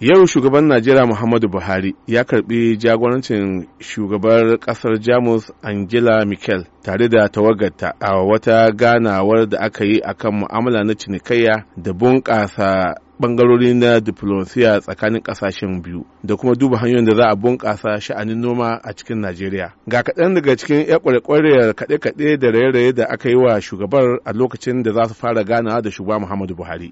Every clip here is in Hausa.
yau shugaban najeriya muhammadu buhari ya karbi jagorancin shugabar kasar jamus angela merkel tare da tawagarta a wata ganawar da aka yi akan mu'amala na cinikayya da bunƙasa bangarori na diplomasiya tsakanin ƙasashen biyu da kuma duba hanyoyin da za a bunƙasa sha'anin noma a cikin najeriya ga kaɗan daga cikin ya ƙwarƙwarriyar kaɗe-kaɗe da raye-raye da aka yi wa shugabar a lokacin da za su fara ganawa da shugaba muhammadu buhari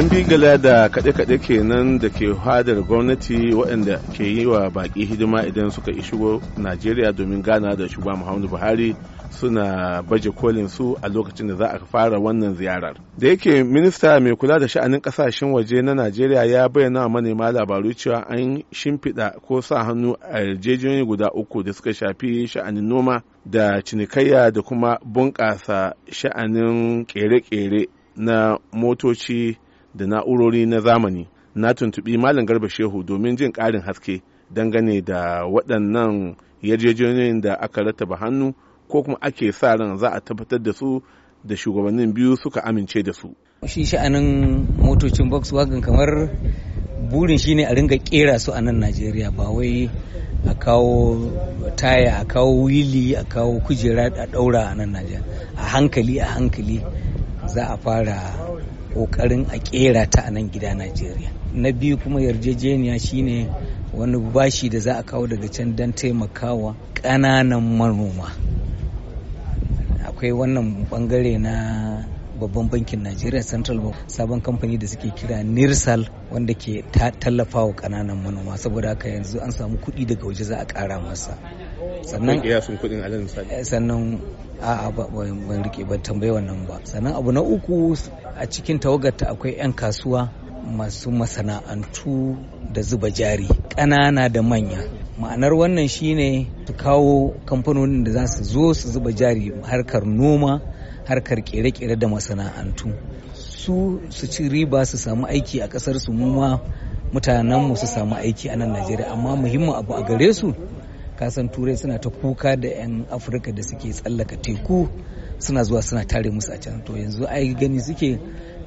'yan bigala da kaɗe-kaɗe kenan da ke hadar gwamnati waɗanda ke yi wa baƙi hidima idan suka shigo najeriya domin gana da shugaban muhammadu buhari suna baje kolin su a lokacin da za a fara wannan ziyarar da yake minista mai kula da sha'anin kasashen waje na najeriya ya bayyana manema labaru cewa an shimfiɗa ko sa hannu a yarjejeniyar guda uku da suka shafi sha'anin noma da cinikayya da kuma bunƙasa sha'anin ƙere-ƙere na motoci da na'urori na zamani na tuntubi malam garba shehu domin jin ƙarin haske dangane da waɗannan yarjejeniyoyin da aka rattaba hannu ko kuma ake sa ran za a tabbatar da su da shugabannin biyu suka amince da su shi sha'anin motocin volkswagen kamar burin shi ne a ringa kera su a nan najeriya ba wai a kawo taya a kawo wili a kawo kujera a ɗaura a nan najeriya a hankali a hankali za a fara kokarin a kera ta a nan gida najeriya na biyu kuma yarjejeniya shine wani bashi da za a kawo daga can don taimakawa ƙananan manoma akwai wannan bangare na babban bankin najeriya central bank sabon kamfani da suke kira nirsal wanda ke tallafawa wa ƙananan manoma saboda haka yanzu an samu kuɗi daga waje za a ƙara masa sannan kiyasun a alal misali eh, sannan ba ban rike ba tambaye wannan ba sannan abu na uku a cikin tawagar ta akwai 'yan kasuwa masu masana'antu da zuba jari ƙanana da manya ma'anar wannan shine su kawo kamfanonin da za su zo su zuba jari harkar noma harkar kere-kere da masana'antu su su ci riba su samu aiki a ƙasar su ma mutanenmu su samu aiki a nan najeriya amma muhimmin abu a gare su kasan turai suna ta kuka da 'yan afirka da suke tsallaka teku suna zuwa suna tare musu a can to yanzu ai gani suke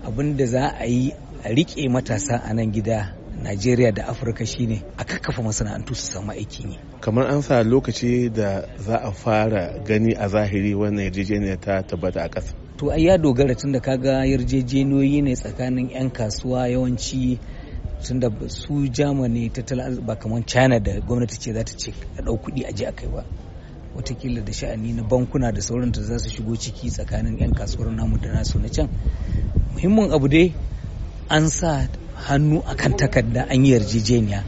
abin da za a yi a rike matasa a nan gida Najeriya da Afirka shine a kakkafa masana'antu su samu aikin yi. Kamar an sa lokaci da za a fara gani a zahiri wannan yarjejeniyar ta tabbata a ƙasa. To ai ya dogara tun da kaga yarjejeniyoyi ne tsakanin 'yan kasuwa yawanci tunda su germany tattalin ba kamar china da gwamnati ce za ta ce a ɗau kuɗi a je a kai ba watakila da sha'ani na bankuna da sauran ta za su shigo ciki tsakanin 'yan kasuwar namu da nasu na can muhimmin abu dai an sa hannu a kan takarda an yi yarjejeniya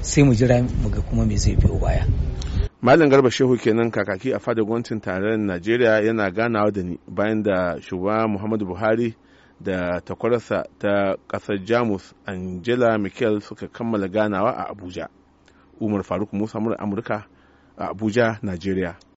sai mu jira mu ga kuma me zai biyo baya Malam Garba Shehu kenan kakaki a fadar gwamnatin tarayyar Najeriya yana ganawa da ni bayan da shugaba Muhammadu Buhari da takwararsa ta kasar jamus angela michael suka kammala ganawa a abuja umar faruk musa amurka a abuja nigeria